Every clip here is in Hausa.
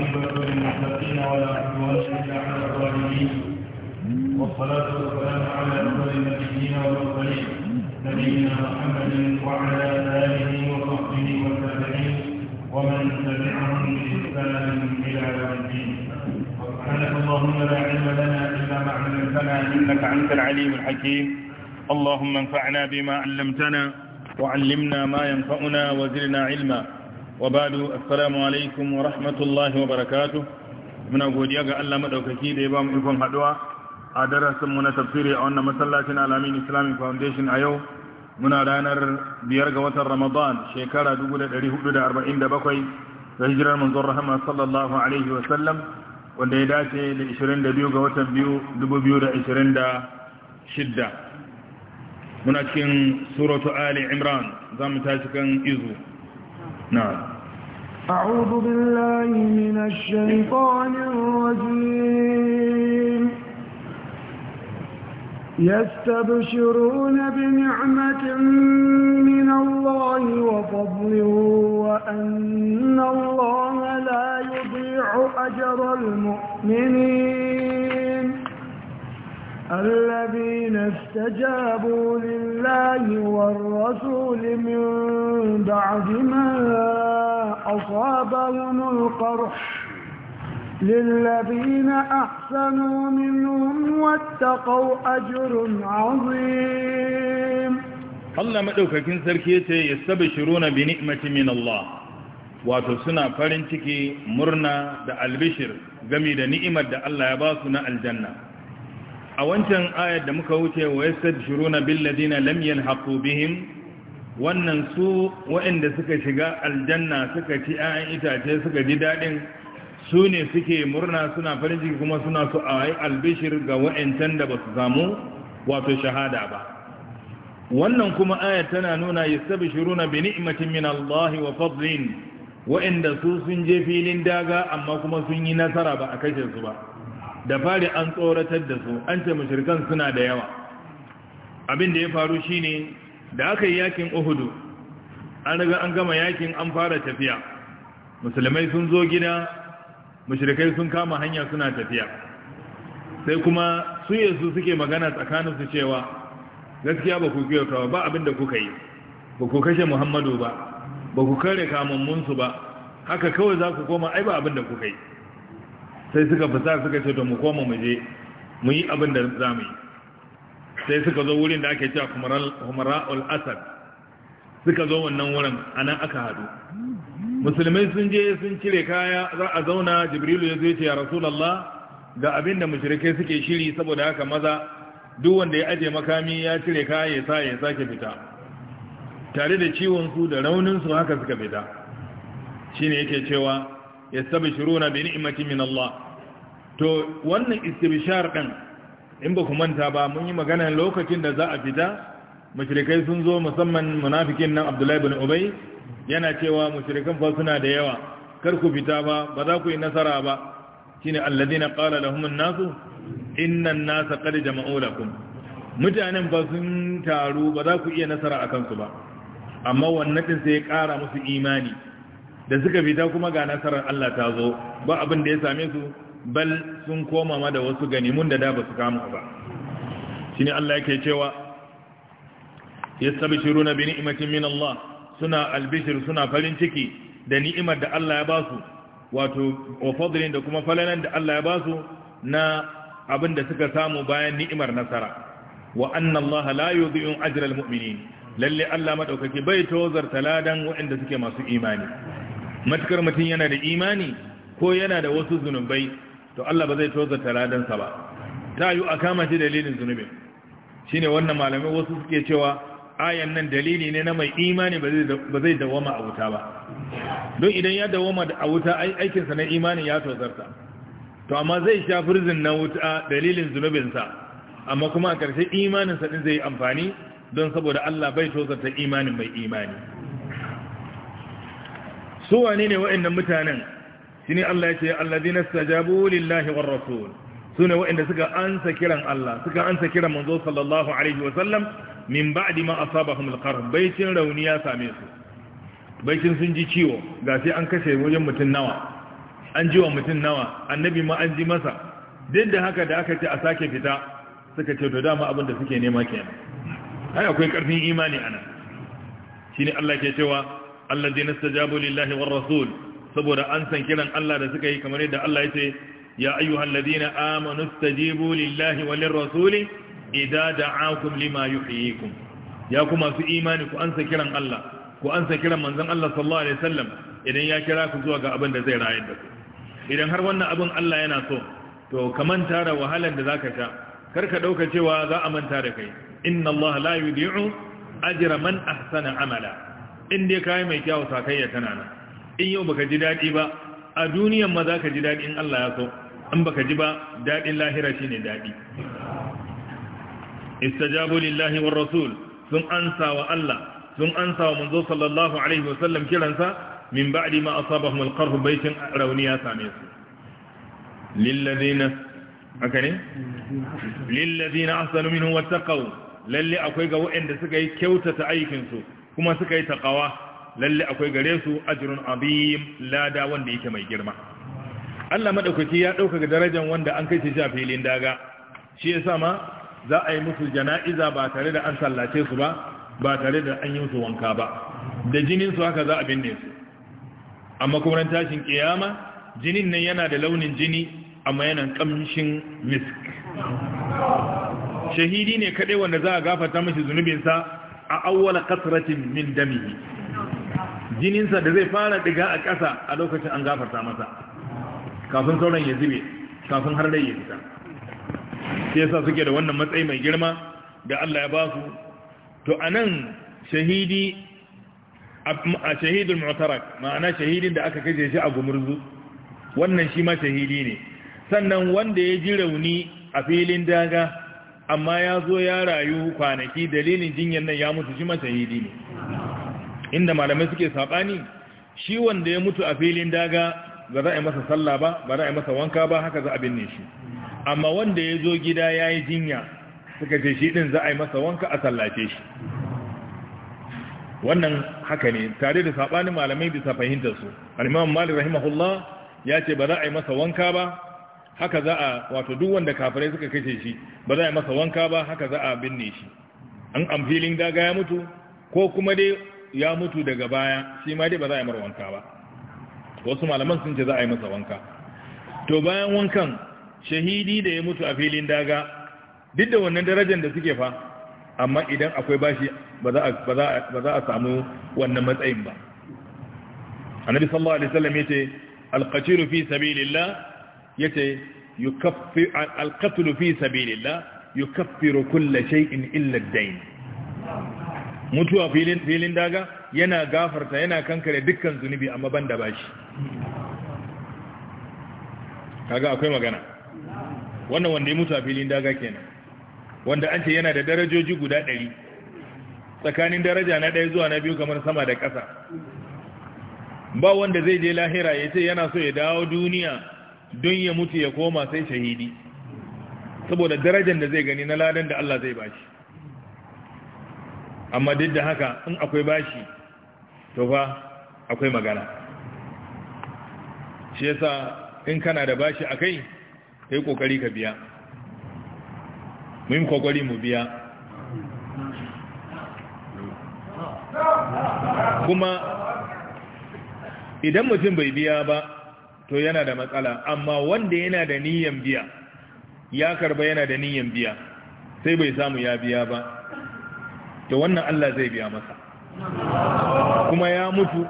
للمتقين ولا عدوان إلا على الظالمين والصلاة والسلام على أفضل النبيين والمرسلين نبينا محمد وعلى آله وصحبه والتابعين ومن تبعهم بإحسان إلى يوم الدين سبحانك اللهم لا علم لنا إلا ما علمتنا إنك أنت العليم الحكيم اللهم انفعنا بما علمتنا وعلمنا ما ينفعنا وزدنا علما wa badu assalamu alaikum wa rahmatullahi wa barakatu muna godiya ga Allah madaukaki da ya ba ikon haduwa a darasin mu na tafsiri a wannan masallacin Alamin Islamic Foundation a yau muna ranar biyar ga watan Ramadan shekara 1447 da hijirar manzon rahama sallallahu alaihi wa sallam wanda ya dace da 22 ga watan 2026 muna cikin suratu Ali Imran zamu tashi kan izu نعم أعوذ بالله من الشيطان الرجيم يستبشرون بنعمة من الله وفضل وأن الله لا يضيع أجر المؤمنين الذين استجابوا لله والرسول من بعد ما أصابهم القرح للذين أحسنوا منهم واتقوا أجر عظيم الله مألوك كن سركيتي يستبشرون بنئمة من الله واتسنا فرنتك مرنا دع البشر غميد نئمة دع الله يباسنا الجنة a wancan ayar da muka wuce wa yastabshiruna bil ladina lam yalhaqu bihim wannan su waɗanda suka shiga aljanna suka ci ayan itace suka ji dadin su ne suke murna suna farin ciki kuma suna su a yi albishir ga wa'ancan da ba su samu wato shahada ba wannan kuma ayat tana nuna yastabshiruna bi ni'matin min Allah wa fadlin wa'anda su sun je filin daga amma kuma sun yi nasara ba a kashe su ba da fari an tsoratar da su an ce suna da yawa abin da ya faru shine da aka yi yakin Uhudu an riga an gama yakin an fara tafiya musulmai sun zo gida mushrikai sun kama hanya suna tafiya sai kuma su yanzu suke magana tsakanin su cewa gaskiya ba ku kiyota ba abin da kuka yi ba ku kashe Muhammadu ba ba ku kare kamammunsu ba haka kawai za ku koma ai ba abin da kuka yi sai suka fita suka ce to mu koma mu je mu yi abin da za mu yi sai suka zo wurin da ake cewa humara'ul asad suka zo wannan wurin a nan aka haɗu musulmai sun je sun cire kaya za a zauna jibrilu ya zo ce ya rasulallah ga abin da mashirikai suke shiri saboda haka maza duk wanda ya aje makami ya cire kaya ya sa ya sake fita tare da ciwon su da raunin su haka suka fita shine yake cewa yastabshiruna bi ni'mati min Allah to wannan istibshar din in ba ku manta ba mun yi magana lokacin da za a fita mushrikai sun zo musamman munafikin nan Abdullahi ibn Ubay yana cewa mushrikan fa suna da yawa kar ku fita ba ba za ku yi nasara ba shine alladhina qala lahum an-nasu inna an-nasa qad jama'u lakum mutanen ba sun taru ba za ku iya nasara akan su ba amma wannan din sai ya kara musu imani da suka fita kuma ga nasarar Allah ta zo ba abin da ya same su bal sun koma ma da wasu ganimun da da ba su kama ba shine Allah yake cewa yastabshiruna na ni'matin min Allah suna albishir suna farin ciki da ni'imar da Allah ya ba su wato wa da kuma falalan da Allah ya ba su na abin da suka samu bayan ni'imar nasara wa annan Allah la yudhi'u ajra al-mu'minin lalle Allah maɗaukaki bai tozarta ladan waɗanda suke masu imani matukar mutum yana da imani ko yana da wasu zunubai to Allah ba zai tozarta ladansa ba ta yi a kama shi dalilin zunubin shi ne wannan malamai wasu suke cewa ayan nan dalili ne na mai imani ba zai dawama a wuta ba don idan ya dawama a wuta aikinsa na imani ya tozarta to amma zai sha firzin na wuta dalilin zunubinsa amma kuma a ƙarshe imaninsa ɗin zai yi amfani don saboda Allah bai tozarta imanin mai imani su wane ne wa'annan mutanen ne Allah ya ce allazina stajabu lillahi war rasul ne wa'anda suka ansa kiran Allah suka ansa kiran manzo sallallahu alaihi wa sallam min ba'di ma asabahum alqarh baitin ya same su baitin sun ji ciwo ga sai an kashe wajen mutun nawa an ji wa mutun nawa annabi ma an ji masa duk da haka da aka ce a sake fita suka ce to dama abin da suke nema kenan ai akwai karfin imani anan shine Allah ke cewa alladhina istajabu lillahi war rasul saboda an san kiran Allah da suka yi kamar yadda Allah ya ce ya ayyuhalladhina amanu istajibu lillahi walir rasuli idza da'akum lima yuhyikum ya kuma su imani ku ansa kiran Allah ku ansa kiran manzon Allah sallallahu alaihi wasallam idan ya kira ku zuwa ga abin da zai rayar da ku idan har wannan abin Allah yana so to ka manta da wahalar da zaka sha karka ka dauka cewa za a manta da kai inna Allah la yudhi'u ajra man ahsana amala in dai kayi mai kyawu sakayya tana nan in yau baka ji daɗi ba a duniyan ma za ka ji daɗi in Allah ya so in baka ji ba daɗin lahira shi ne daɗi istajabu lillahi war rasul sun ansa wa Allah sun ansa wa manzo sallallahu alaihi wasallam kiransa min ba'di ma asabahum alqarh rauni ya same su lilladheena haka ne lilladheena ahsanu minhum wattaqaw lalle akwai ga waɗanda suka yi kyautata aikin su kuma suka yi taqawa lalle akwai gare su ajrun azim lada wanda yake mai girma Allah madaukaki ya dauka ga darajar wanda an kai shi a filin daga shi yasa ma za a yi musu jana'iza ba tare da an sallace su ba ba tare da an yi musu wanka ba da jinin su haka za a binne su amma kuma ran tashin kiyama jinin nan yana da launin jini amma yana kamshin misk shahidi ne kaɗai wanda za a gafarta mashi zunubinsa a awwala kasratin min damihi jininsa da zai fara diga a ƙasa a lokacin an gafarta masa kafin sauran ya zube kafin har dai ya fita sai yasa suke da wannan matsayi mai girma da Allah ya basu, su to anan shahidi a shahidul mu'tarak ma'ana shahidin da aka kaje shi a gumurzu wannan shi ma shahidi ne sannan wanda ya ji rauni a filin daga amma ya zo ya rayu kwanaki dalilin jinyar nan ya mutu shi mashahidi ne inda malamai suke sabani shi wanda ya mutu a filin daga ba za a yi masa sallah ba ba za a yi masa wanka ba haka za a binne shi amma wanda ya zo gida ya yi jinya suka ce shi ɗin za a yi masa wanka a sallace shi wannan haka ne tare da saɓanin malamai bisa fahimtar su al'imam malik rahimahullah ya ce ba za a yi masa wanka ba haka za a wato duk wanda kafirai suka kashe shi ba za a masa wanka ba haka za a binne shi an amfilin daga ya mutu ko kuma dai ya mutu daga baya shi ma dai ba za a mar wanka ba wasu malaman sun ce za a yi masa wanka to bayan wankan shahidi da ya mutu a filin daga duk da wannan darajar da suke fa amma idan akwai bashi ba za a samu wannan matsayin ba annabi sallallahu alaihi wasallam yace alqatiru fi sabilillah yace yukaffi alqatl fi sabilillah yukaffiru kull shay'in illa ad-dayn mutuwa filin filin daga yana gafarta yana kankare dukkan zunubi amma banda bashi kaga akwai magana wannan wanda ya mutu a filin daga kenan wanda an ce yana da darajoji guda ɗari tsakanin daraja na ɗaya zuwa na biyu kamar sama da ƙasa ba wanda zai je lahira ya ce yana so ya dawo duniya don ya mutu ya koma sai shahidi saboda darajar da zai gani na ladan da Allah zai bashi amma duk da haka in akwai bashi to fa akwai magana shi yasa in kana da bashi akai kai kokari ka biya mun kokari mu biya kuma idan mutum bai biya ba to yana da matsala amma wanda yana da niyan biya ya karba yana da niyan biya sai bai samu ya biya ba to wannan Allah zai biya masa kuma ya mutu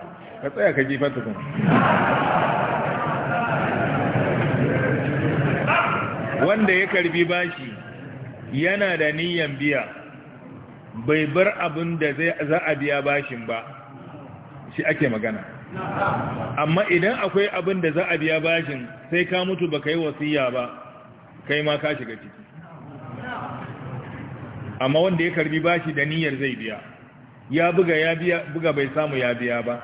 ka tsaya ka jefar tukun wanda ya karbi bashi yana da niyan biya bai bar abin da za a biya bashin ba shi ake magana amma idan akwai abin da za a biya bashin sai ka mutu ba ka yi wasiya ba kai ma ka shiga ciki amma wanda ya karbi bashi da niyyar zai biya ya buga ya biya buga bai samu ya biya ba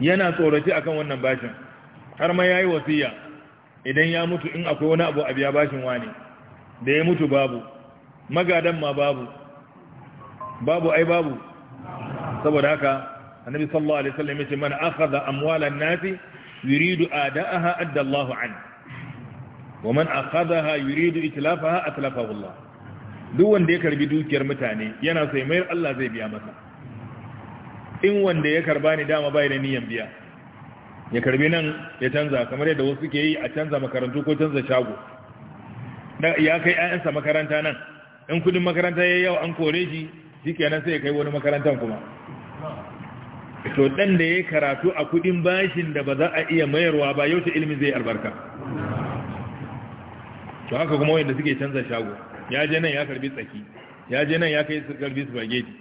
yana tsoraci akan wannan bashin har ma yayi wasiya idan ya mutu in akwai wani abu a biya bashin wani da ya mutu babu magadan ma babu babu ai babu saboda haka annabi sallallahu alaihi wasallam yace man akhadha amwalan nasi yuridu ada'aha adda Allahu an wa man akhadha yuridu itlafaha atlafahu Allah duk wanda ya karbi dukiyar mutane yana sai mai Allah zai biya masa in wanda ya karba ni dama bai da niyan biya ya karbi nan ya canza kamar yadda wasu ke yi a canza makarantu ko canza shago ya kai 'ya'yansa makaranta nan in kudin makaranta ya yawa an kore shi shi kenan sai ya kai wani makarantar kuma to dan da ya karatu a kudin bashin da ba za a iya mayarwa ba yau ta ilimi zai albarka to haka kuma wanda suke canza shago ya je nan ya karbi tsaki ya je nan ya kai su karbi spaghetti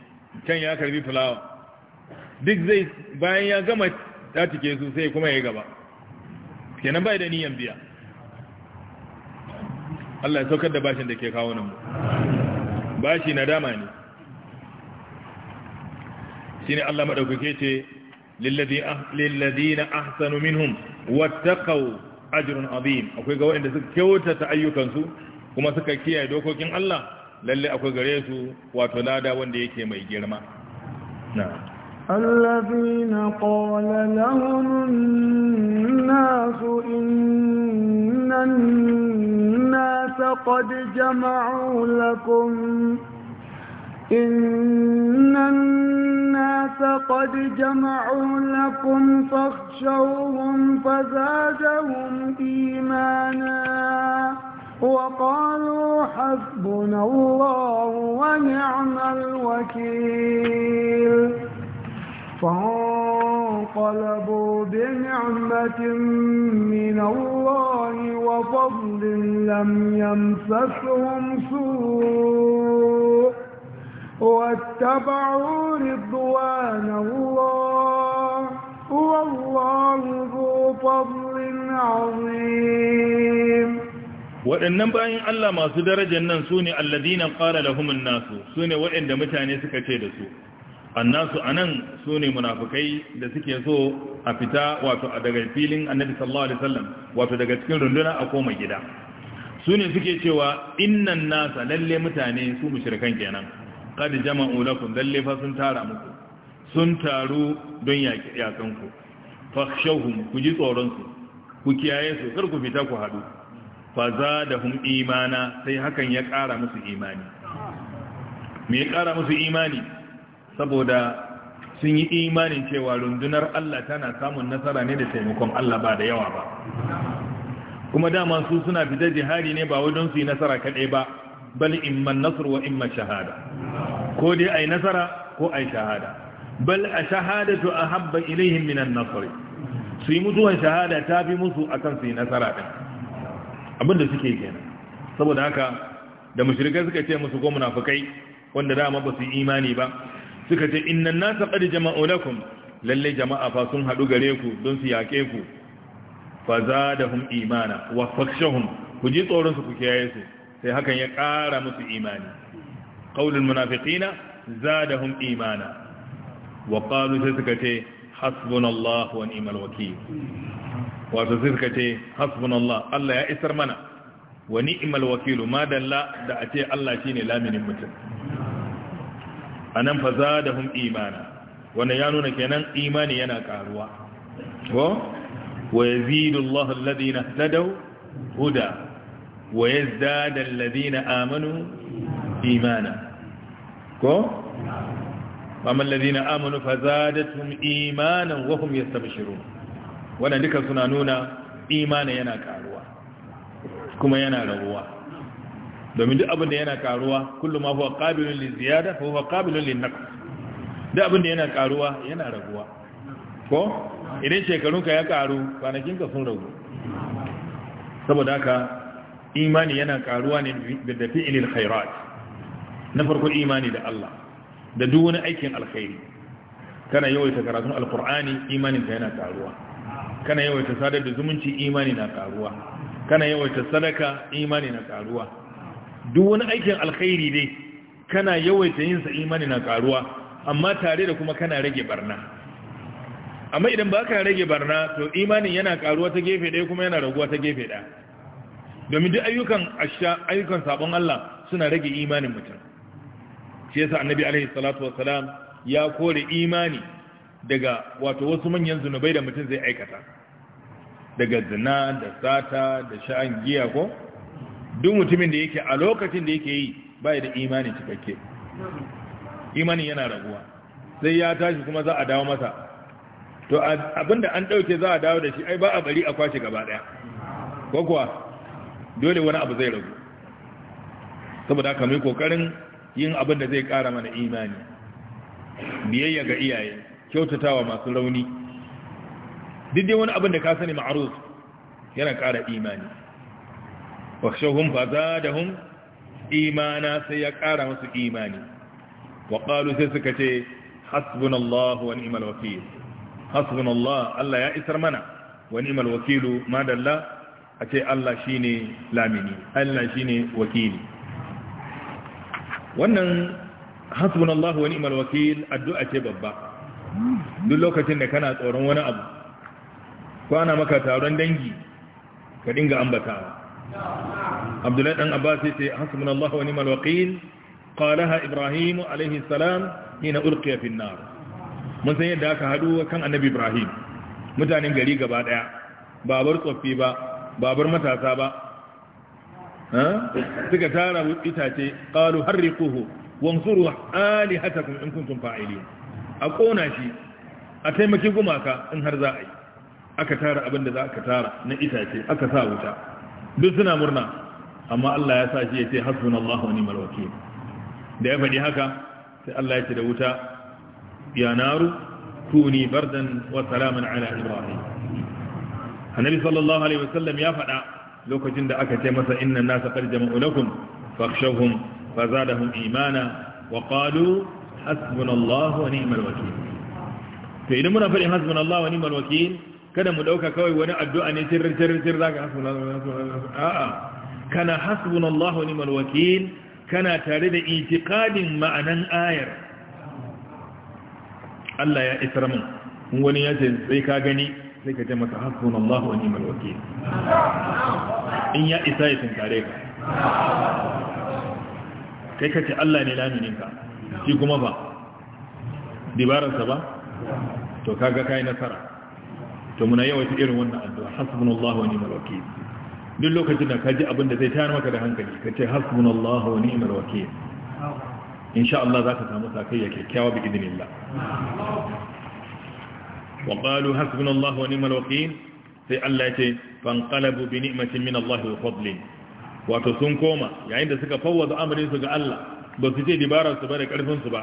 can ya karbi fulawa duk zai bayan ya gama tatike su sai kuma ya gaba kenan bai da niyan biya Allah ya saukar da bashin da ke kawo nan bashi nadama ne shine Allah madaukake ce lilladina ah, ahsanu minhum wattaqaw ajrun azim akwai ga waɗanda suka kyautata ayyukansu kuma suka kiyaye dokokin Allah lalle akwai gare su wato lada wanda yake mai girma na'am الذين قال لهم الناس إن الناس قد جمعوا لكم إن الناس قد جمعوا لكم فاخشوهم فزادهم إيمانا وقالوا حسبنا الله ونعم الوكيل فانقلبوا بنعمة من الله وفضل لم يمسسهم سوء واتبعوا رضوان الله هو الله ذو فضل عظيم waɗannan bayan Allah masu darajar nan su ne alladina ƙara lahumin nasu su ne waɗanda mutane suka ce da su annasu a nan su ne munafukai da suke so a fita wato a daga filin annabi sallallahu alaihi wasallam wato daga cikin runduna a koma gida su ne suke cewa innan nasa lalle mutane su mushrikan kenan Kada jama'u lakum dalle fa sun tara muku sun taru don yaki yakan ku fakhshawhum ku ji tsoron su ku kiyaye su kar ku fita ku hadu fa zadahum imana sai hakan ya kara musu imani me ya kara musu imani saboda sun yi imanin cewa rundunar Allah tana samun nasara ne da taimakon Allah ba da yawa ba kuma dama su suna fita jihadi ne ba wajen su yi nasara kaɗai ba bal imman nasr wa imman shahada ko dai ai nasara ko ai shahada bal a shahadatu ahabba ilaihim min an-nasr su yi mutuwan shahada ta fi musu akan su yi nasara din abinda suke kenan saboda haka da mushrikai suka ce musu ko munafikai wanda dama ba su yi imani ba suka ce innan nasa qad jama'u lakum lalle jama'a fa sun hadu gare ku don su yake ku fa zadahum imana wa fakshahum ku ji tsoron su ku kiyaye su sai hakan ya ƙara musu imani qaulul munafiqina zadahum imana wa qalu sai suka ce hasbunallahu wa ni'mal wakeel wato suka ce hasbunallah Allah ya isar mana wa ni'mal wakeel ma dalla da a ce Allah shine laminin mutum anan fa zadahum imana wannan ya nuna kenan imani yana karuwa ko wa yazidu amanu imana ko amman ladina amanu imanin imanan wa hum yastabshirun wannan duka suna nuna imani yana karuwa kuma yana raguwa domin duk abin da yana karuwa kullum ma huwa qabilun li ziyada fa huwa qabilun li naqs duk abin da yana karuwa yana raguwa ko idan shekarunka ya karu kwanakinka sun ragu saboda haka imani yana karuwa ne da fi'ilil khairat na farko imani da Allah da duk wani aikin alkhairi kana yawaita karatun alkur'ani imanin ka yana karuwa kana yawaita sadar da zumunci imani na karuwa kana yawaita sadaka imani na karuwa duk wani aikin alkhairi dai kana yawaita yin sa imani na karuwa amma tare da kuma kana rage barna amma idan baka rage barna to imanin yana karuwa ta gefe ɗaya kuma yana raguwa ta gefe ɗaya domin duk ayyukan asha ayyukan sabon Allah suna rage imanin mutum shi yasa annabi alaihi salatu salam ya kore imani daga wato wasu manyan zunubai da mutum zai aikata daga zina da sata da sha'an giya ko duk mutumin da yake a lokacin da yake yi bai da imani cikakke imani yana raguwa sai ya tashi kuma za a dawo masa to abinda an dauke za a dawo da shi ai ba a bari a kwashe gaba daya ko kuwa dole wani abu zai ragu saboda haka mai kokarin yin abin da zai ƙara mana imani biyayya ga iyaye kyautatawa masu rauni duk dai wani abin da ka sani ma'aruf yana ƙara imani wakshahum fa zadahum imana sai ya ƙara musu imani wa qalu sai suka ce hasbunallahu wa ni'mal wakeel hasbunallah Allah ya isar mana wa ni'mal wakeelu madalla a ce Allah shine lamini Allah shine wakili wannan hasbunallahu wa ni'mal wakil addu'a ce babba duk lokacin da kana tsoron wani abu Kwana maka taron dangi ka dinga ambatawa abdullahi dan abbas yace hasbunallahu wa ni'mal wakil qalaha ibrahim alayhi salam hina ulqiya fi an-nar mun san yadda aka haɗu kan annabi ibrahim mutanen gari gaba daya babar tsoffi ba babar matasa ba suka tara itace qalu harriquhu wansuru alihatakum in kuntum fa'ilin a kona shi a taimaki gumaka in har za a yi aka tara abin da za ka tara na itace aka sa wuta duk suna murna amma Allah ya sa shi ya ce hasbunallahu wa ni'mal wakeel da ya faɗi haka sai Allah ya ce da wuta ya naru kuni bardan wa salaman ala ibrahim annabi sallallahu alaihi wasallam ya faɗa lokacin da aka ce masa inna nasa qad jama'u lakum fakhshawhum fazadahum imana wa qalu hasbunallahu wa ni'mal wakeel to idan muna faɗin hasbunallahu wa ni'mal wakeel kada mu dauka kawai wani addu'a ne sirrin sirrin sirrin zaka hasbunallahu a'a kana hasbunallahu wa ni'mal wakeel kana tare da itiqadin ma'anan ayar Allah ya isra mun wani ya ce sai ka gani sai ka ce masa hasbun Allah wa ni'mal wakil in ya isa ya tunkare ka kai ka ce Allah ne lamininka shi kuma ba dibararsa ba to kaga kai nasara to muna yawaita irin wannan addu'a hasbunallahu wa ni'mal wakeel duk lokacin da kaji abin da zai tayar maka da hankali Ka kace hasbunallahu wa ni'mal wakeel insha Allah zaka samu sakayya kyakkyawa bi idinillah wa qalu hasbunallahu wa sai Allah ya ce fanqalabu bi ni'matin min Allah wa wato sun koma yayin da suka fawwaza amrin su ga Allah ba su ce dibarar su ba da karfin ba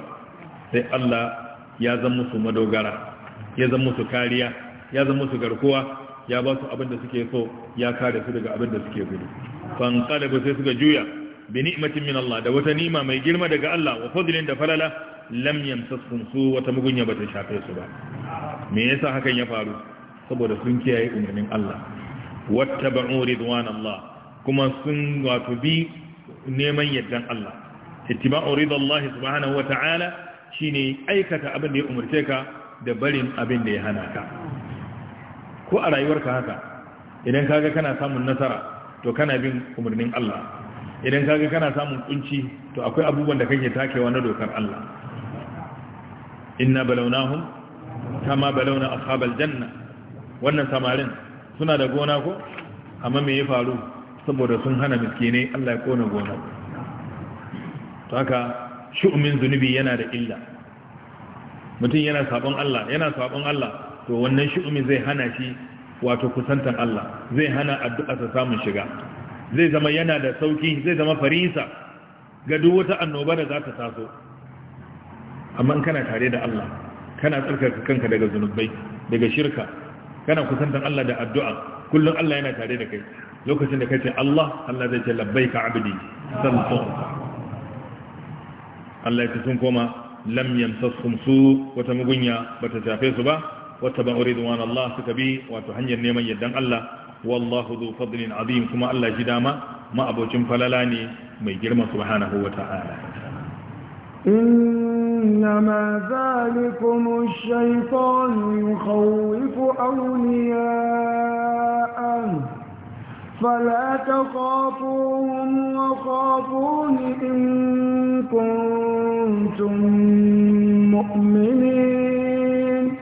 sai Allah ya zama madogara ya zama kariya ya zama garkuwa ya ba su abin da suke so ya kare su daga abin da suke gudu fanqalabu sai suka juya bi ni'matin min Allah da wata nima mai girma daga Allah wa fadlin da falala lam yamsasum su wata mugunya bata shafe su ba me yasa hakan ya faru saboda sun kiyaye umarnin Allah wattaba'u ridwan Allah kuma sun wato bi neman yaddan Allah ittiba'u ridallahi subhanahu wata'ala shine aikata abin da ya umarce ka da barin abin da ya hana ka ko a rayuwarka haka idan kaga kana samun nasara to kana bin umarnin Allah idan kaga kana samun kunci to akwai abubuwan da kake takewa na dokar Allah inna balawnahum kama balauna ashabal janna wannan samarin suna da gona ko amma me ya faru saboda sun hana miskine Allah ya kona gona to haka Shu'umin zunubi yana da illa mutum yana sabon Allah yana sabon Allah to wannan Shu'umin zai hana shi wato kusantan Allah zai hana addu'a ta samun shiga zai zama yana da sauki zai zama farisa ga duk wata annoba da za ta taso amma kana tare da Allah kana tsarkaka kanka daga zunubai daga shirka kana kusantar Allah da addu'a kullum Allah yana tare da kai lokacin da kace Allah Allah zai ce ka abdi sallallahu Allah ya sun koma lam yamsasum su wata mugunya bata shafe su ba wata ba ridwan Allah suka bi wato hanyar neman yaddan Allah wallahu dhu fadlin azim kuma Allah shi dama ma abocin falala ne mai girma subhanahu wa ta'ala إنما ذلكم الشيطان يخوف أولياءه فلا تخافوهم وخافون إن كنتم مؤمنين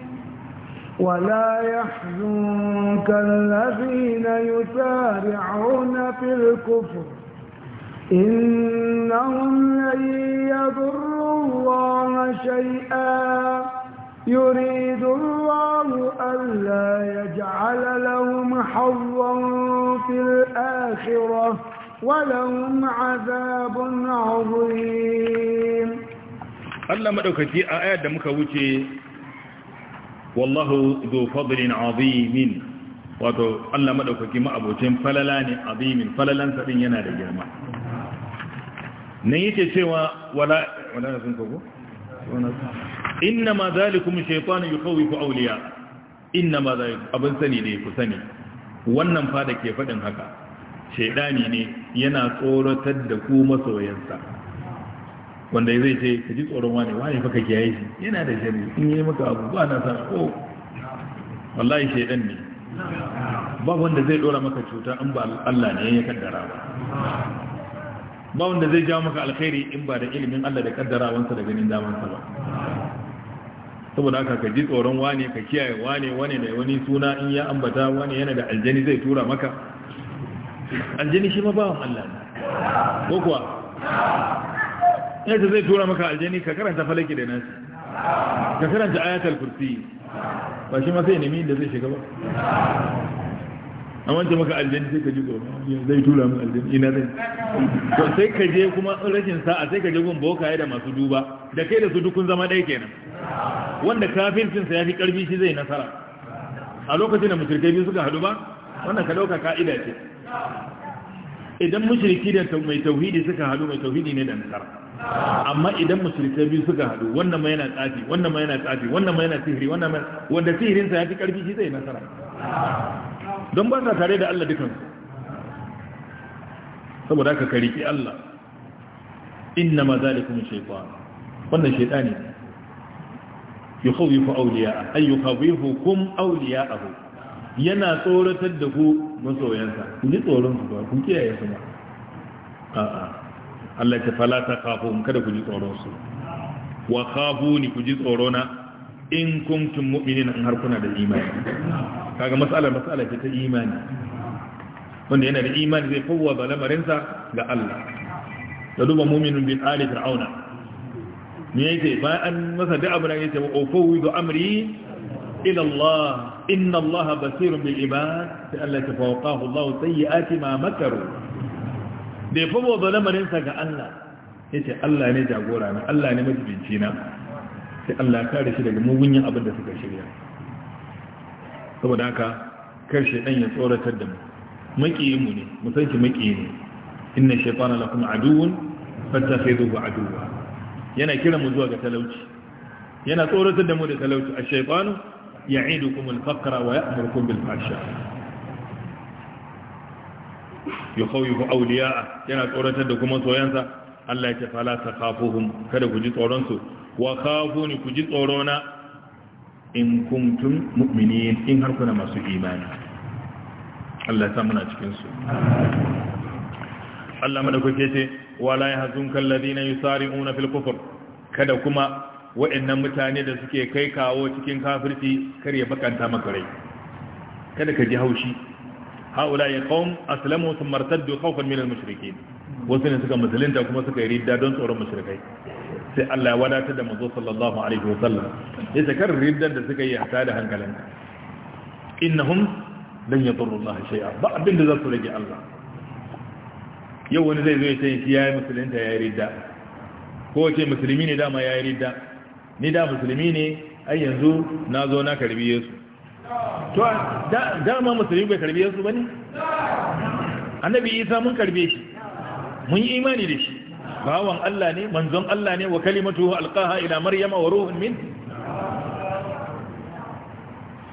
ولا يحزنك الذين يسارعون في الكفر إنهم لن يضروا الله شيئا يريد الله ألا يجعل لهم حظا في الآخرة ولهم عذاب عظيم ألا مدوك في آيات مكوتي والله ذو فضل عظيم wato Allah madaukaki ma'abocin falala ne abimin falalan sadin yana da girma nan yake cewa wala wala sun kago inna ma zalikum shaytan yukhawifu awliya inna ma zalik abin sani ne ku sani wannan fa da ke fadin haka shaydani ne yana tsoratar da ku masoyansa wanda zai ce ka ji tsoron wani wani fa kake yayi shi yana da shari in yi maka abu ba na sa ko wallahi shaydan ne ba wanda zai dora maka cuta in ba Allah ne ya kaddara ba ba wanda zai ja maka alkhairi in ba da ilimin Allah da wansa da ganin damansa ba saboda haka ka ji tsoron wane ka kiyaye wane wane da wani suna in ya ambata wane yana da aljani zai tura maka aljani shi ma bawan Allah ne ko kuwa yadda zai tura maka aljani ka karanta falaki da nasi ka karanta ayatul kursi ba shi ma sai nemi da zai shiga ba an wance maka aljani sai ka ji tsoro zai tura min aljani ina zai to sai ka je kuma rashin sa'a sai ka je gun bokaye da masu duba da kai da su dukun zama ɗaya kenan wanda kafircin sa yafi karfi shi zai nasara a lokacin da mushrikai biyu suka hadu ba wannan ka dauka ka'ida ce idan mushriki da mai tauhidi suka hadu mai tauhidi ne da nasara amma idan mushrikai biyu suka hadu wannan ma yana tsafi wannan ma yana tsafi wannan ma yana sihiri wannan ma wanda sihirin sa yafi karfi shi zai nasara don ba sa tare da Allah dukansu saboda ka kariki Allah inna ma zalikum shaytan wannan shaytani yukhawifu awliya ay yukhawifukum awliya'ahu yana tsoratar da ku masoyansa ku ji tsoron su ba ku kiyaye su ba a'a Allah ta fala ta kafun kada ku ji tsoron su wa khafuni ku ji tsoro na in kuntum mu'minina in har kuna da imani kaga mas'ala mas'ala ce ta imani wanda yana da imani zai ba lamarinsa ga Allah da duba mu'minun bin ali fir'auna ne yake ba an masa da abu da yake wa ufawidu amri ila Allah inna Allah basirun bil ibad ta Allah tafawqahu Allah sayyi'ati ma makaru bai fawwada lamarinsa ga Allah yace Allah ne jagora na Allah ne majibinci na sai Allah ya kare shi daga mugun abin da suka shirya saboda haka kar shaitan ya tsoratar da mu makiyin mu ne mu san shi makiyi ne inna shaytana lakum aduwwun fattakhidhuhu aduwwa yana kira mu zuwa ga talauci yana tsoratar da mu da talauci ash-shaytanu ya'idukum al-faqra wa ya'murukum bil fahsha yukhawifu awliya'a yana tsoratar da kuma soyansa Allah ya ce fala takhafuhum kada ku ji tsoron su wa khafuni ku ji tsorona in kuntum mu'minin in har kuna masu imani Allah ya samu na cikin su Allah madaukake ce wala yahzunka ladina yusari'una fil kufr kada kuma wa'annan mutane da suke kai kawo cikin kafirci kar ya bakanta maka rai kada ka ji haushi haula ya qaum aslamu thumma irtaddu khawfan min al-mushrikeen wasu ne suka musulunta kuma suka yi ridda don tsoron mushrikai sai Allah ya wadatar da manzo sallallahu alaihi wa sallam ya takar riddar da suka yi hata da hankalinka innahum lan yadurru Allah shay'a ba abin da za su rage Allah yau wani zai zo ya ce shi yayi musulunta yayi ridda ko ce musulmi ne dama yayi ridda ni da musulmi ne ai yanzu na zo na karbi Yesu to dama musulmi bai karbi Yesu bane annabi Isa mun karbe shi mun yi imani da shi bawan Allah ne manzon Allah ne wa kalimatu alqaha ila maryama wa ruhun min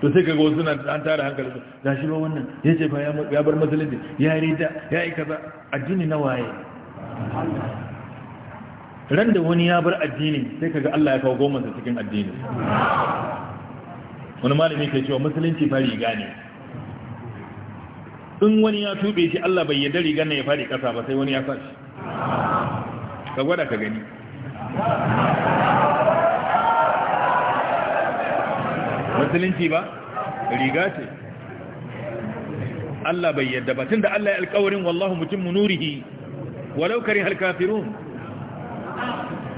to sai kaga wasu an tara hankali su gashi ba wannan ya ce ba ya bar musulunci ya rida ya yi kaza addini na waye ran da wani ya bar addini sai kaga Allah ya kawo goma sa cikin addini wani malami ke cewa musulunci ba riga ne in wani ya tube shi Allah bai yarda rigar ne ya fadi kasa ba sai wani ya fashi ka gwada ka gani musulunci ba riga ce Allah bai yadda ba tunda Allah ya alƙawarin wallahu mutimmu nurihi walau karin halkafirun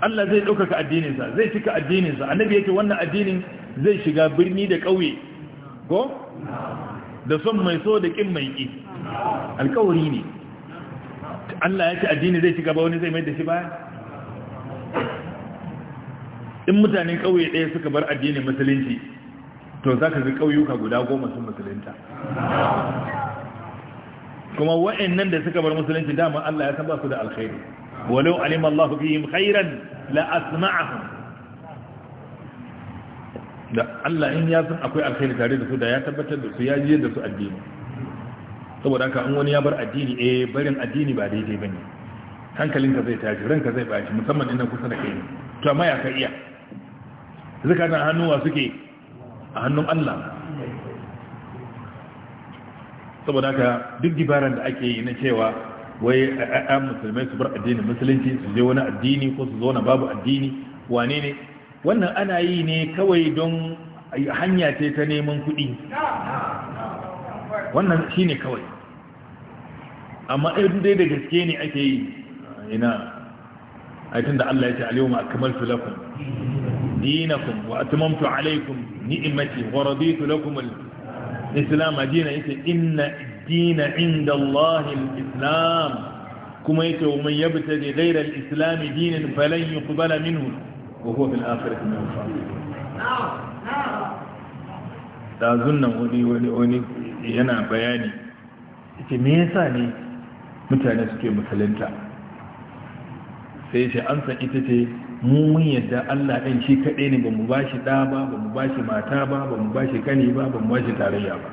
Allah zai ɗaukaka addininsa zai cika addininsa annabi yake wannan addinin zai shiga birni da ƙauye ko da son mai so da ƙin mai ƙi alƙawari ne Allah ya ce addini zai ci gaba wani zai mai da shi baya in mutanen ƙauye ɗaya suka bar addinin musulunci to za ka ga ƙauyuka guda goma sun musulunta kuma wa'in nan da suka bar musulunci dama Allah ya san su da alkhairi walau alim Allah fihim khairan la asma'ahum da Allah in ya san akwai alkhairi tare da su da ya tabbatar da su ya ji da su addini saboda haka an wani ya bar addini eh barin addini ba daidai ba ne hankalinka zai tashi ranka zai baci musamman ina kusa da kai to amma ya ka iya na hannuwa suke a hannun Allah saboda haka duk dibaran da ake yi na cewa wai ayyan musulmai su bar addini musulunci su je wani addini ko su zauna babu addini wane ne wannan ana yi ne kawai don hanya ce ta neman kuɗi wannan shi ne kawai amma ɗaya dai da gaske ne ake yi ina aitin da Allah ya ce aliyu ma'akamar tulakun dinakun wa atumamtu alaikun ni'imati wa raditu lakum al-islam dina yace inna dina inda Allah islam kuma yace wa man yabtaji ghayra al-islam dinan falan yuqbala minhu wa huwa fil akhirati min al-khasirin da zunnan wani wani wani yana bayani ita me yasa ne mutane suke musulunta sai shi san ita ce mu mun yadda Allah ɗin shi kaɗai ne ba mu ba shi ɗa ba ba mu ba shi mata ba ba mu ba shi kani ba ba mu ba shi tarayya ba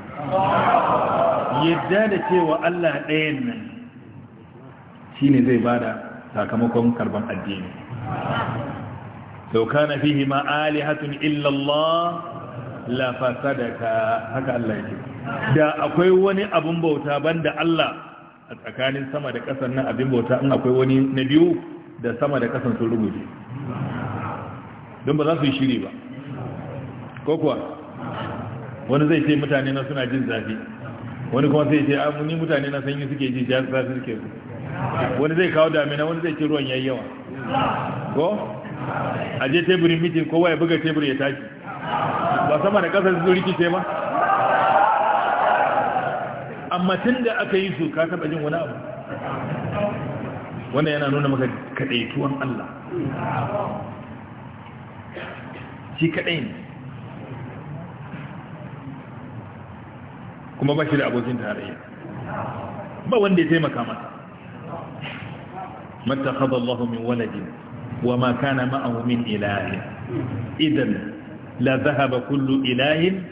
yadda da cewa Allah ɗayan nan shi ne zai bada sakamakon karban addini sauka na fihi ma alihatun illallah la fasadaka haka Allah ya ce. da akwai wani abin bauta banda Allah a tsakanin sama da ƙasar nan abin bauta in akwai wani na biyu da sama da ƙasar sun rubuce don ba za su yi shiri ba ko kuwa wani zai ce mutane na suna jin zafi wani kuma sai ce a ah, ni mutane na sanyi suke ji zafi suke su wani zai kawo damina wani zai ce ruwan yi yawa ko a je teburin mitin kowa ya buga tebur ya tashi ba sama da ƙasar sun rikice ba amma tun da aka yi su ka taɓa jin wani abu wannan yana nuna maka kaɗaituwan Allah shi kaɗai ne kuma ba shi da abokin tarayya ba wanda ya taimaka mata mata haɗa min waladin wa ma kana ma'ahu min ilahin idan la zahaba kullu ilahin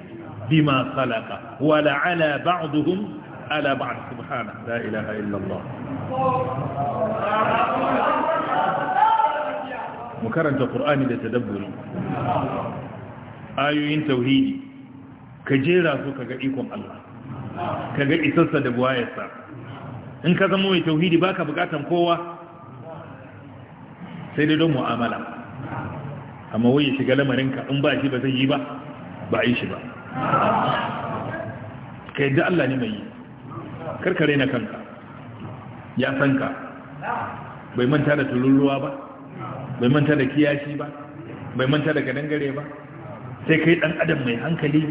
bima khalaqa wa la'ala ba'duhum تعالى بعد سبحانه لا إله إلا الله مكرنة القرآن لتدبر آيوين توهيدي كجيرا سوكا إيكم الله كجير إسلسة دبواية إن كذا موي توهيدي باكا بقاتا قوة سيدي مؤاملة amma wai ya shiga lamarinka in ba shi ba zai yi ba ba a yi shi ba ka yadda Allah ne mai yi karkare na kanka ya san ka bai manta da tululluwa ba bai manta da kiyashi ba bai manta da gadangare ba sai kai dan adam mai hankali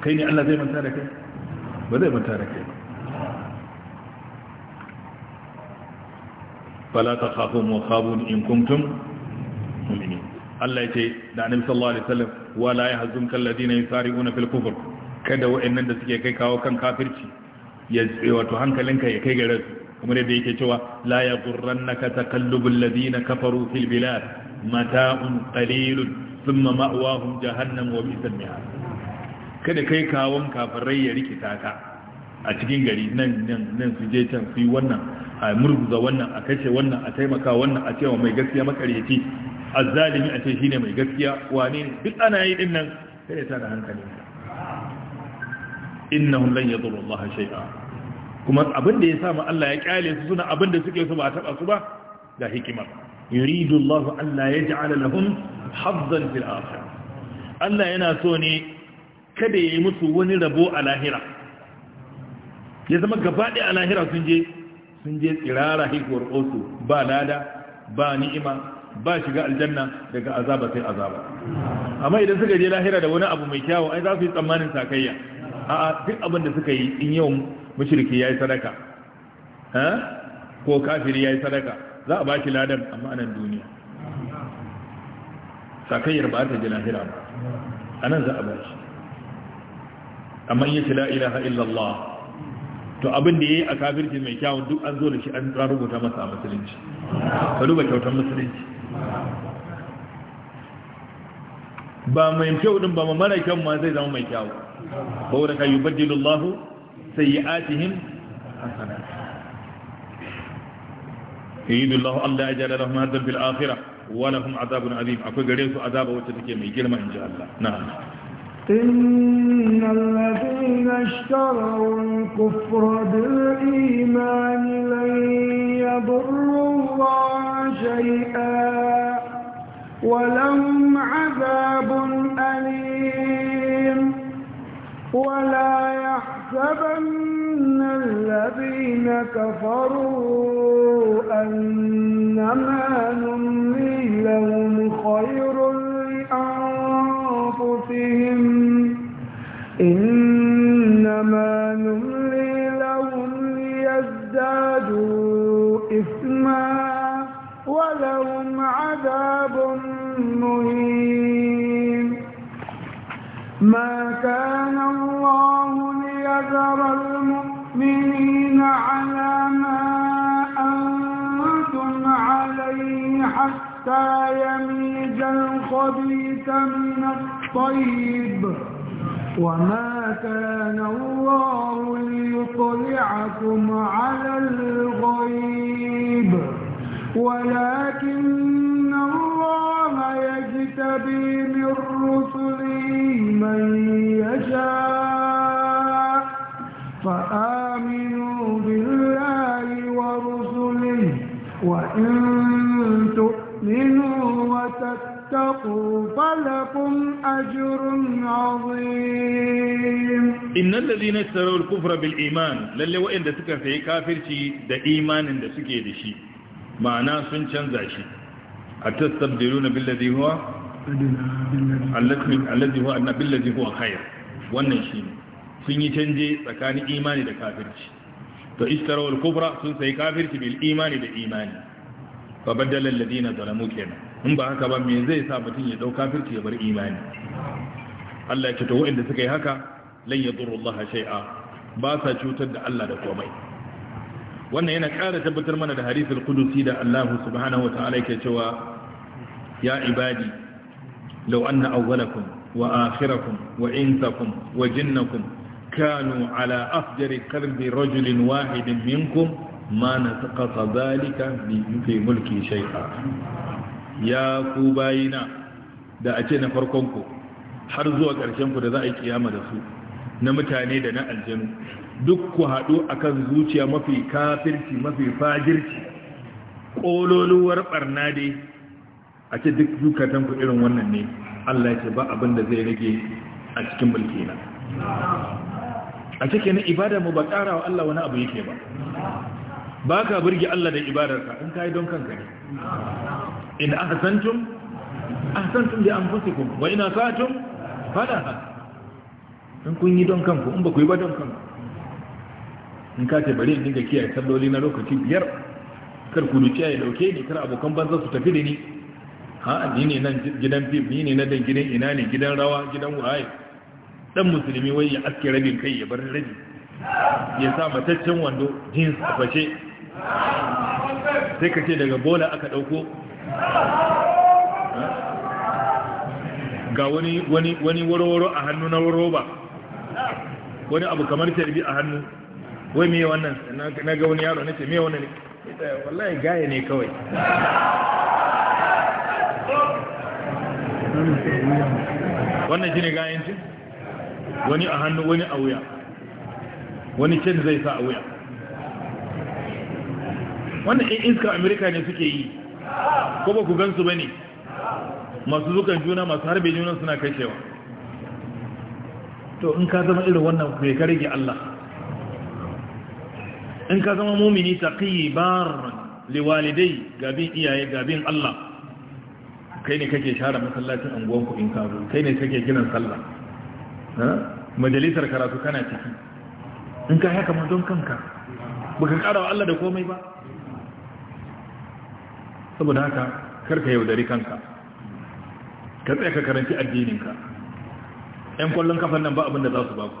kai ne Allah zai manta da kai ba zai manta da kai fala ta khafun wa khabun in kuntum mu'minin Allah yace da annabi sallallahu alaihi wasallam wala yahzunka alladhina yusari'una fil kufr kada wa'annan da suke kai kawo kan kafirci ya wato hankalinka ya kai gare kamar yadda yake cewa la ya gurrannaka takallubul ladina kafaru fil bilad mata'un qalilun thumma ma'wahum jahannam wa bi'sal mihad kada kai kawon kafirai ya rikita ka a cikin gari nan nan nan su je can su yi wannan a murguza wannan a kashe wannan a taimaka wannan a cewa mai gaskiya makaryaci azzalimi a ce shine mai gaskiya wane duk ana yi din nan sai ya da hankalinka. innahum lan yadurru Allah shay'a kuma abinda ya sa Allah ya kyale su suna abin da suke so ba a taba su ba ga hikimar yuridu Allah an la yaj'ala lahum hazzan fil akhir Allah yana so ne kada yayi musu wani rabo a lahira ya zama gaba a lahira sun je sun je tsirara hikuwar osu ba lada ba ni'ima ba shiga aljanna daga azaba sai azaba amma idan suka je lahira da wani abu mai kyawu ai za su yi tsammanin sakayya a'a duk abin da suka yi in yau ya yi sadaka ha ko kafiri ya yi sadaka za a ba shi ladan amma anan duniya sakayyar ba ta ji lahira ba anan za a shi amma yace la ilaha illallah to abin da yayi a kafirci mai kyawun duk an zo da shi an rubuta masa a musulunci ka duba kyautar musulunci ba mai kyau din ba mara kyau ma zai zama mai kyau بورك يبدل الله سيئاتهم حسنات يريد الله ان لا لهم هذا في الاخره ولهم عذاب عظيم اكو غدي سو عذاب وجه تكي مي جلم ان شاء الله نعم ان الذين اشتروا الكفر بالايمان لن يضروا الله شيئا ولهم عذاب اليم ولا يحسبن الذين كفروا أنما نملي لهم خير الطيب وما كان الله ليطلعكم على الغيب ولا ladina tsarau kufra bil iman lalle wa'anda suka sayi kafirci da imanin da suke da shi ma'ana sun canza shi a tastabdiluna bil ladhi huwa alladhi alladhi huwa anna bil ladhi huwa khair wannan shi sun yi canje tsakani imani da kafirci to istarau al kufra sun sayi kafirci bil imani da imani fa badala alladina zalamu kenan in ba haka ba me zai sa mutun ya dauka kafirci ya bar imani Allah ya ce to wa'anda suka yi haka lan yadurru Allah shay'a ba sa cutar da Allah da komai wannan yana ƙara tabbatar mana da hadisul qudusi da Allah subhanahu wataala yake cewa ya ibadi law anna awwalakum wa akhirakum wa insakum wa jinnakum kanu ala afjari qalbi rajulin wahidin minkum ma nataqata dhalika bi mulki shay'a ya ku bayina da a ce na farkonku har zuwa ƙarshenku da za a yi kiyama da su na mutane da na aljanu duk ku haɗu kan zuciya mafi kafirci mafi fajirci ƙololuwar ɓarna dai a ce duk zukatan ku irin wannan ne Allah ya ce ba abin da zai rage a cikin mulki na a cike na ibada mu ba ƙara wa Allah wani abu yake ba ba ka burge Allah da ibadarka in ka yi don kanka ne in ahsantum da an fusikun wa in asatum falaha in kun yi don kanku in ba ku yi ba don kanku in ka ce bari in dinga kiyaye salloli na lokaci biyar kar ku dukiya ya dauke ni kar abokan banza su tafi da ni ha ni ne nan gidan fim ni ne na dan gidan ina ne gidan rawa gidan waye dan musulmi wai ya aske rabin kai ya bar rabi ya sa mataccen wando jeans a fashe sai ka ce daga bola aka dauko ga wani wani wani warwaro a hannu na roba wani abu kamar tarbi a hannu wai me wannan na ga wani yaro nace me wannan ne wallahi gaya ne kawai wannan shine gayanci wani a hannu wani a wuya wani kin zai sa a wuya wannan in iska amerika ne suke yi ko ba ku gansu bane masu zukan juna masu harbe juna suna kashewa to in ka zama irin wannan mai ka rage Allah in ka zama mumini taqi bar liwalidai gabin iyaye gabin Allah kai ne kake share masallacin anguwanku in ka zo kai ne kake gina sallah majalisar karatu kana ciki in ka haka ma don kanka baka kara wa Allah da komai ba saboda haka karka yaudari kanka ka tsaya ka karanci addininka 'yan kwallon kafan nan ba abinda za su ba ku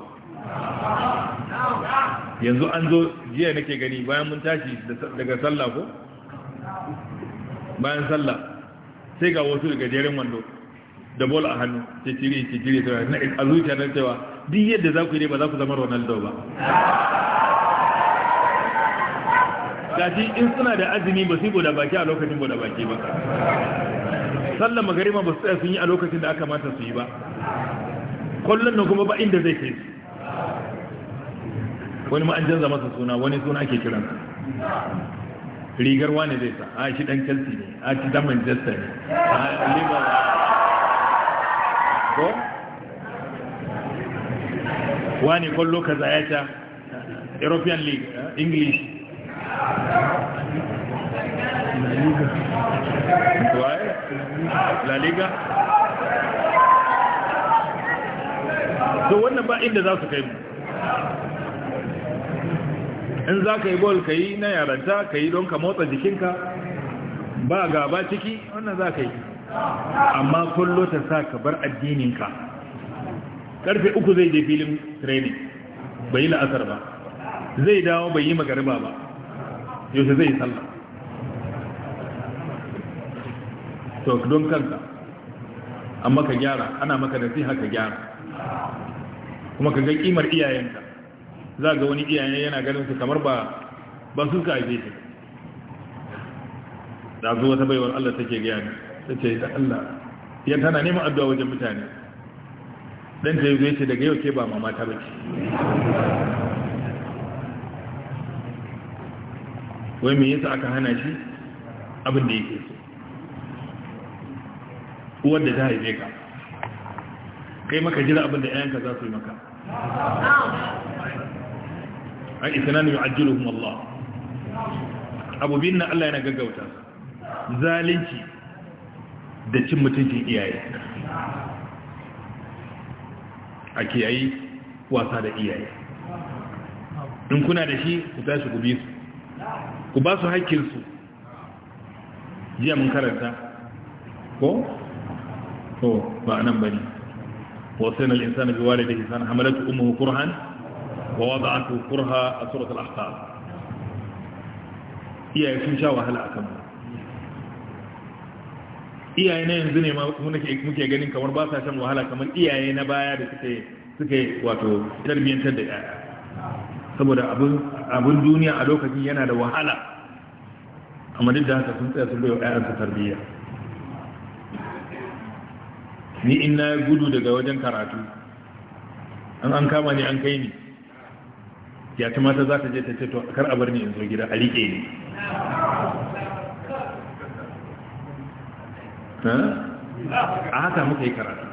yanzu an zo jiya nake gani bayan mun tashi daga sallah ko bayan sallah sai ga wasu daga jerin wando da bola a hannu ce ciri ce ciri ta na a zuciya na cewa duk yadda za ku yi ba za ku zama ronaldo ba gashi in suna da azumi ba su yi boda baki a lokacin boda baki ba Sallama magarima ba su tsaya sun yi a lokacin da aka mata su yi ba kwallon nan kuma ba inda zai kai wani ma an canza masa suna wani suna ake kiran. rigar wani zai sa a shi dan chelsea ne a shi dan manchester ne a liba. ko wani kwallo kaza ya ta european league eh, english la liga to wannan ba inda za su kai mu in za ka yi bol ka yi na yaranta ka yi don ka motsa jikinka ba gaba ciki wannan za ka yi amma kullo ta sa ka bar addininka karfe uku zai je filin training bai yi la'asar ba zai dawo bai yi magariba ba yau zai yi sallah to don kanka amma ka gyara ana maka nasiha ka gyara kuma ka ga kimar iyayenka za ga wani iyayen yana ganin su kamar ba ba su ka haife shi da su wata baiwar Allah take gaya ni ta ce da Allah yan tana neman addu'a wajen mutane dan ta yi ce daga yau ke ba mama ta bace wai me yasa aka hana shi abin da yake so uwar da ta haife ka kai maka jira abin da 'ya'yanka za su yi maka an isnanu yu'ajjiluhum Allah abu bin na Allah yana gaggauta zalunci da cin mutuncin iyaye a kiyayi wasa da iyaye in kuna da shi ku tashi ku bi su ku ba su haƙƙinsu jiya mun karanta ko? to ba nan ba وصينا الإنسان بوالده إنسان حملته أمه كرها ووضعته كرها سورة الأحقاب إياه يكون شاوة هلا أكمل iyaye na yanzu ne muke ganin kamar ba sa shan wahala kamar iyaye na baya da suke suke wato tarbiyyantar da yaya saboda abin duniya a lokacin yana da wahala amma duk da haka sun tsaya sun bai wa yayansu tarbiyya ni in na gudu daga wajen karatu an an kama ni an kai ni ya ta mata za ta je ta ce to kar a bar ni in zo gida a riƙe ni a haka muka yi karatu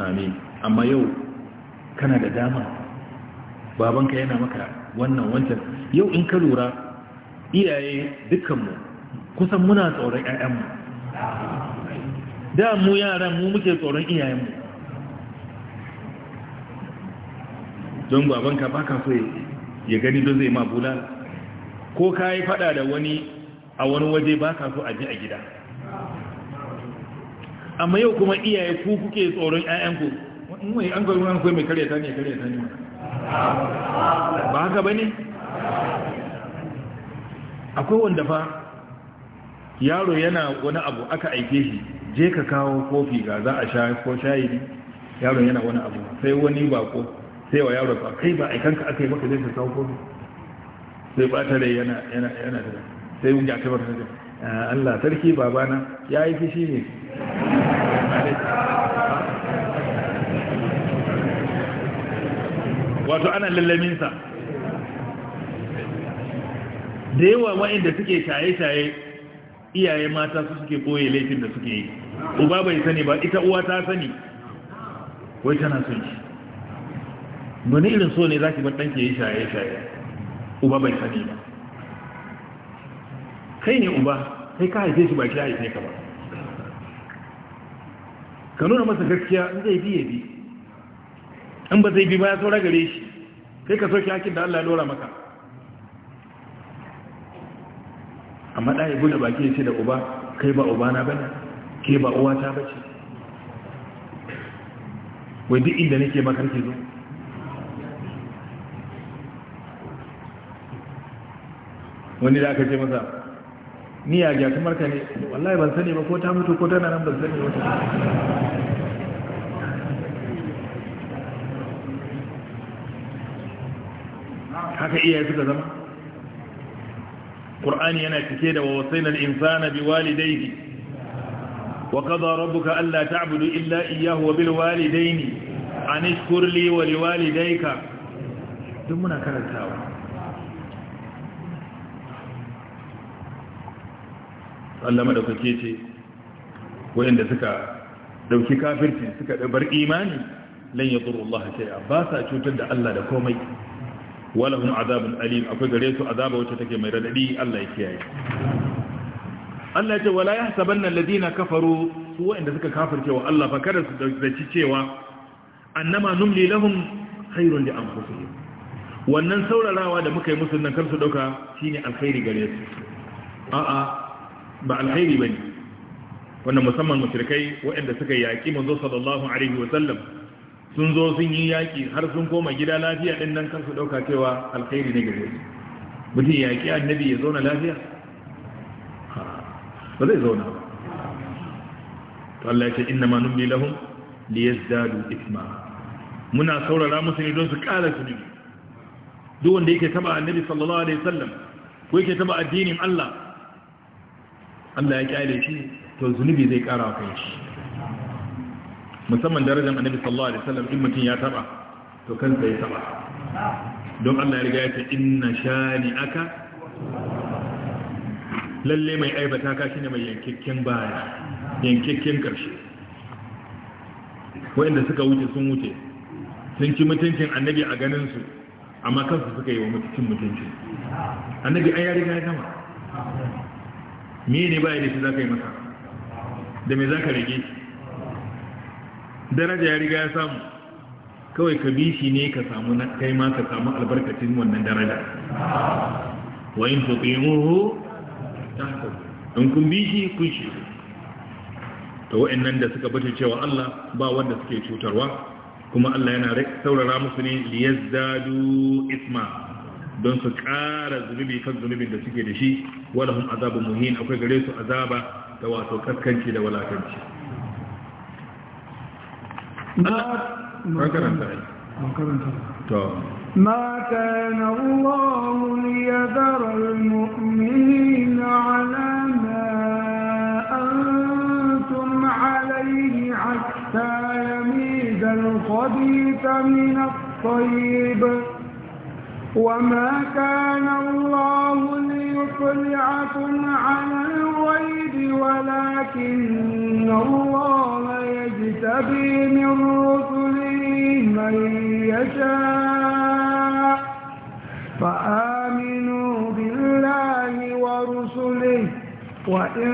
amin amma yau kana da dama babanka yana maka wannan wancan yau in ka lura iyaye dukkanmu kusan muna tsoron ƴaƴanmu da mu yaran mu muke tsoron iyayenmu don babanka baka so ya gani don zai ma bulala ko ka yi fada da wani a wani waje baka so a ji a gida amma yau kuma iyaye ku kuke tsoron ƴaƴanku Wani an gwai wani mai karyata ne karyata ne ba haka ba ne akwai wanda fa yaro yana wani abu aka aike shi je ka kawo kofi ga za a sha ko shayi yaro yana wani abu sai wani bako sai wa yaro ba kai ba aikanka aka yi maka je ka kawo kofi sai bata rai yana yana yana da sai mun ga tabar da Allah sarki babana ya yi fishi ne wato ana lallaminsa da yawa wa'inda suke shaye-shaye iyaye mata su suke koye laifin da suke yi uba bai sani ba ita uwa ta sani wai tana son shi bane irin so ne za ki bar ɗanki ya yi shaye-shaye uba bai sani ba kai ne uba sai ka haife shi ba ki haife ka ba ka nuna masa gaskiya in zai biye bi in ba zai bi ba ya saura gare shi kai ka soke hakin da Allah ya lura maka amma ɗa ya buɗe baki ya ce da uba kai ba uba na bane ke ba uwata ba ce wai duk inda nake ke zo wani da aka ce masa ni ya gya kamar ka ne wallahi ban sani ba ko ta mutu ko tana nan ban sani wata haka iyaye suka zama ƙur'ani yana cike da wasainar insana bi walidaihi wa qada rabbuka alla ta'budu illa iyahu, wa bil walidaini an ishkur wa li walidayka muna karantawa Allah madaukake ce wayanda suka dauki kafirci suka dabar imani lan yadurru shay'a ba sa cutar da Allah da komai walahum azabin alim akwai gare su azaba wacce take mai radadi Allah ya kiyaye Allah ya ce wala yahsabanna alladhina kafaru su wa'anda suka kafirce wa Allah fa kada su dace cewa annama numli lahum khairun li anfusihim wannan saurarawa da muka yi musu nan kar su dauka shine alkhairi gare su a'a ba alkhairi bane wannan musamman mushrikai wa'anda suka yaki manzo sallallahu alaihi wa sallam sun zo sun yi yaƙi har sun koma gida lafiya ɗin nan kansu ɗauka cewa alkhairi ne gare su mutum yaƙi annabi ya zauna lafiya ba zai zauna ba to Allah ya ce inna ma numli lahum liyazdadu isma muna saurara musu ne don su ƙara zunubi duk wanda yake taba annabi sallallahu alaihi wasallam ko yake taba addinin Allah Allah ya kyale shi to zunubi zai ƙara wa kai shi musamman darajar annabi sallallahu alaihi wasallam in mutum ya taba to kansa ya taba don Allah ya riga ya ce inna aka. lalle mai aibata ka shine mai yankekken baya yankekken karshe wayanda suka wuce sun wuce sun ci mutuncin annabi a ganin su amma kansu suka yi wa mutuncin mutuncin annabi ai ya riga ya gama me ne baya da shi zaka yi masa da me zaka rage shi daraja ya riga ya samu kawai ka bi shi ne ka samu kai ma ka samu albarkacin wannan daraja wa in tuti'uhu tahkum in kun bi shi kun shi to wayannan da suka bace cewa Allah ba wanda suke cutarwa kuma Allah yana saurara musu ne liyazdadu isma don su kara zunubi kan zunubin da suke da shi hum azabun muhin akwai gare su azaba da wato kaskanci da walakanci نعم. ما كان الله ليذر المؤمنين على ما أنتم عليه حتى يميز الخبيث من الطيب وما كان الله ليطلعكم على الغيب ولكن الله يجتبي من رسله من يشاء فآمنوا بالله ورسله وإن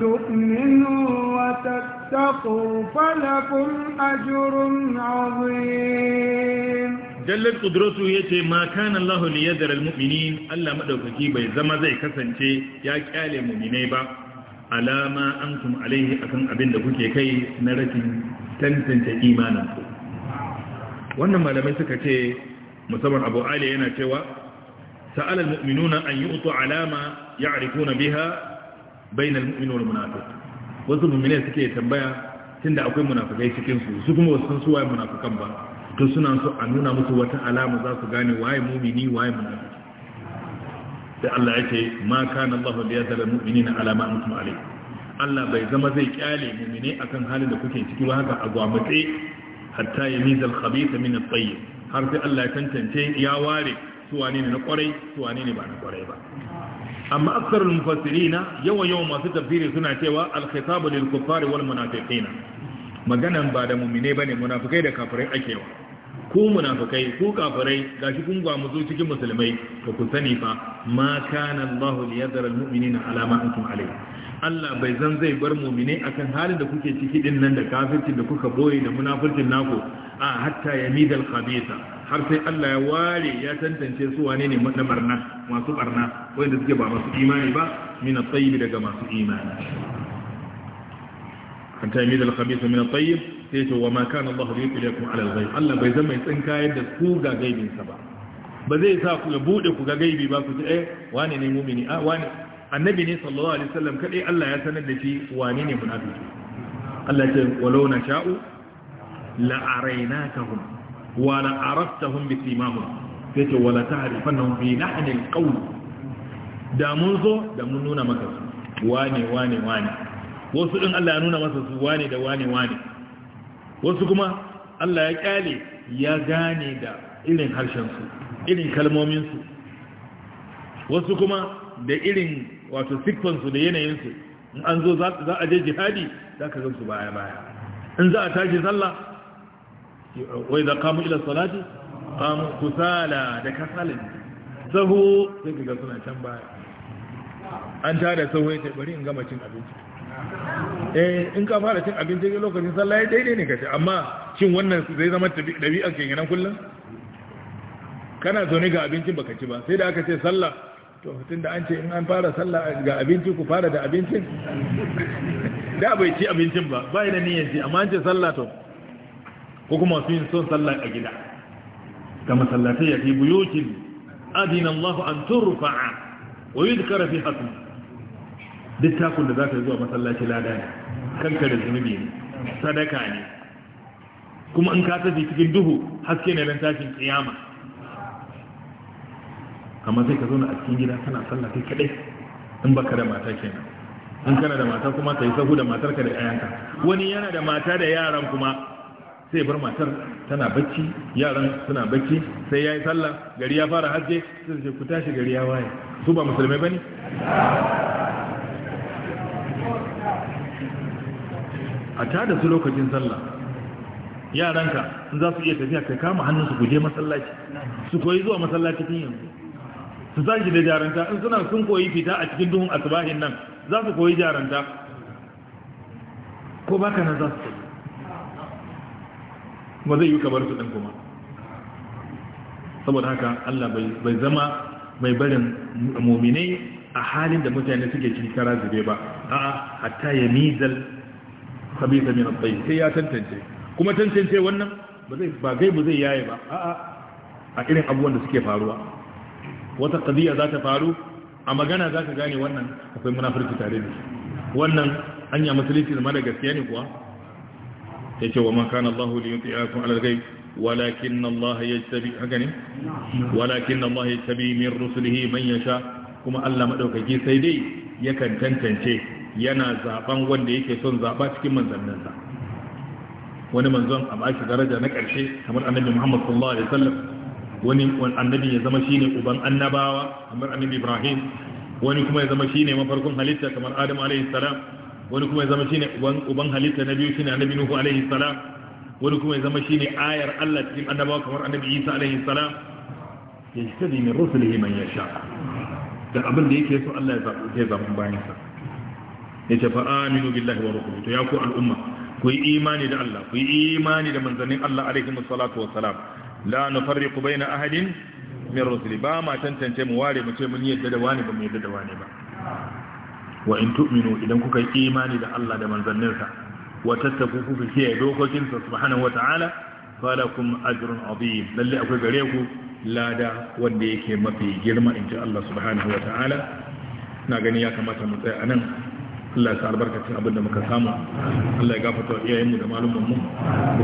تؤمنوا وتتقوا فلكم أجر عظيم jallar ƙudurarsu ya ce ma kan Allah liyadar al-mu'minin Allah maɗaukaki bai zama zai kasance ya ƙyale mu'minai ba alama antum alaihi akan abin da kuke kai na rashin tantance imanin ku wannan malamai suka ce musamman abu ali yana cewa sa'ala almu'minuna an yu'tu alama ya'rifuna biha bayna almu'min wal munafiq wasu mu'minai suke tambaya tunda akwai munafikai cikin su su kuma wasu su waye munafikan ba to suna so a nuna musu wata alama za su gane waye mu'mini waye munafiki da Allah yake ma kana Allah bi yadda mu'minina ala ma antum alayhi Allah bai zama zai kyale mu'mine akan halin da kuke ciki ba haka a gwamnati hatta yamizal khabitha min at-tayyib har sai Allah ya tantance ya ware su wane ne na kwarai su wane ne ba na kwarai ba amma aksarul mufassirina yawan yawa masu tafsiri suna cewa al-khitabu lil kuffari wal munafiqina maganan ba da mu'mine bane munafikai da kafirai akewa ku munafikai ku kafirai gashi kun gwamu zo cikin musulmai to ku sani fa ma kana Allahu li yadhara almu'minina ala ma antum alayhi Allah bai zan zai bar mu'mine akan halin da kuke ciki din nan da kafircin da kuka boye da munafircin naku a hatta yamidal khabitha har sai Allah ya ware ya tantance su wane ne na barna masu barna wanda suke ba masu imani ba min at-tayyib daga masu imani hatta yamidal khabitha min at-tayyib sai ce wa ma kana Allah bi yuqlikum ala alal ghaib Allah bai zama mai tsinka yadda ku ga gaibinsa ba ba zai sa ku ya bude ku ga gaibi ba ku ce eh wane ne mu'mini a ah, wane annabi ne sallallahu alaihi wasallam kadai Allah ya sanar da shi wane ne munafiki Allah ce walau na sha'u la arainakahum wa la araftahum bi simahum sai ce wala ta'rifannahum bi nahni al-qawl da mun zo da mun nuna maka su wane wane wane wasu din Allah ya nuna masa su wane da wane wane wasu kuma Allah ya kyale ya gane da irin harshensu irin kalmominsu wasu kuma da irin wato sikfansu da yanayinsu in an zo za a je jihadi za ka gamsu baya-baya in za a tashi sallah wai za kamu ila salati kamu kusala da kasalin sahu sai ka ga suna can baya an tada sahu ya bari in gama cin abinci Eh, in ka fara cin abinci ga lokacin sallah ya daidai ne ka ce amma cin wannan zai zama ɗabi'a ke nan kullum kana zaune ga abincin baka ci ba sai da aka ce sallah to tun da an ce in an fara sallah ga abinci ku fara da abincin da bai ci abincin ba bai da niyyar ci amma an ce sallah to ko kuma su yin son sallah a gida ga masallatai ya fi buyokin adinan lafi an turfa'a wa yudkara fi hasmi duk takun da za ka zuwa masallaci lada ne kanka da zunubi ne sadaka ne kuma in ka tafi cikin duhu haske ne don tashin kiyama amma sai ka zauna a cikin gida kana sallah kai kadai in baka da mata kenan in kana da mata kuma ka yi sahu da matarka da ayanka wani yana da mata da yaran kuma sai bar matar tana bacci yaran suna bacci sai ya yi sallah gari ya fara haje sai ku tashi gari ya waye su ba musulmai ba ne a tada su lokacin sallah yaranka za su iya tafiya kai kama hannunsu guje masallaci su koyi zuwa masallaci tun yanzu su sake da jaranta in suna sun koyi fita a cikin duhun asibahin nan za su koyi jaranta ko baka na za su koyi Ba zai yi kamar su ɗin kuma saboda haka Allah bai zama mai barin muminai a halin da mutane suke cikin kara zube ba a'a hatta ya mizal khabitha min at-tayyib sai ya tantance kuma tantance wannan ba zai ba gaibu zai yaye ba a'a a irin abubuwan da suke faruwa wata qadiya za ta faru a magana za ka gane wannan akwai munafurci tare da shi wannan anya musulunci zama da gaskiya ne kuwa ya ce wa ma kana Allah li yuti'akum ala al-ghaib walakin Allah yajtabi haka ne walakin Allah yajtabi min rusulihi man yasha kuma Allah madaukaki sai dai yakan tantance yana zaben wanda yake son zaba cikin manzanninsa wani manzon a bashi daraja na ƙarshe kamar annabi Muhammad sallallahu alaihi wasallam wani annabi ya zama shine uban annabawa kamar annabi Ibrahim wani kuma ya zama shine mafarkon halitta kamar Adam alaihi salam wani kuma ya zama shine uban halitta na biyu shine annabi Nuhu alaihi salam wani kuma ya zama shine ayar Allah cikin annabawa kamar annabi Isa alaihi salam yajtadi min rusulihi man yasha da abin da yake so Allah ya zaɓi bayansa yace fa aminu billahi wa rasulihi to ya ku al'umma ku yi imani da Allah ku yi imani da manzannin Allah alaihi wa salam la nufarriqu baina ahadin min rusuli ba ma tantance mu ware mu ce mun yadda da wani ba mu yadda da wani ba wa in tu'minu idan kuka yi imani da Allah da manzanninsa wa tattaku kuka kiyaye dokokin sa subhanahu ta'ala? falakum ajrun azim lalle akwai gare ku lada wanda yake mafi girma in ji Allah subhanahu ta'ala? na gani ya kamata mu tsaya anan Allah ya sa albarkacin abin da muka samu Allah ya gafarta wa iyayenmu da malumman mu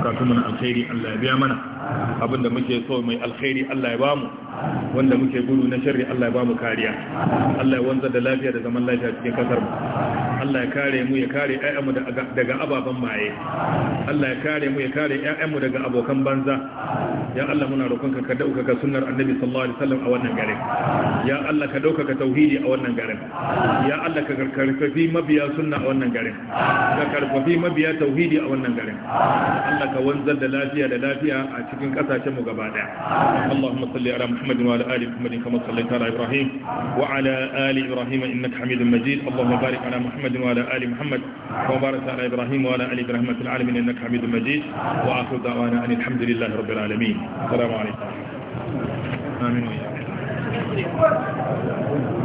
bukatun mu na alkhairi Allah ya biya mana abin da muke so mai alkhairi Allah ya bamu wanda muke gudu na sharri Allah ya bamu kariya Allah ya wanzar da lafiya da zaman lafiya cikin kasar mu Allah ya kare mu ya kare ƴaƴanmu daga ababen maye Allah ya kare mu ya kare ƴaƴanmu daga abokan banza ya Allah muna roƙonka ka dauka ka sunnar annabi sallallahu alaihi wasallam a wannan garin ya Allah ka dauka ka tauhidi a wannan garin ya Allah ka karfafi mabiya mabiya sunna a wannan garin ka karfafi mabiya tauhidi a wannan garin Allah ka wanzar da lafiya da lafiya a cikin kasashen mu gaba daya Allahumma salli ala Muhammad wa ala ali Muhammad kama sallaita ala Ibrahim wa ala ali Ibrahim innaka Hamidum Majid Allahumma barik ala Muhammad wa ala ali Muhammad kama barakta ala Ibrahim wa ala ali Ibrahim fil alamin innaka Hamidum Majid wa akhu da'wana alhamdulillahi rabbil alamin assalamu alaikum آمين وإياكم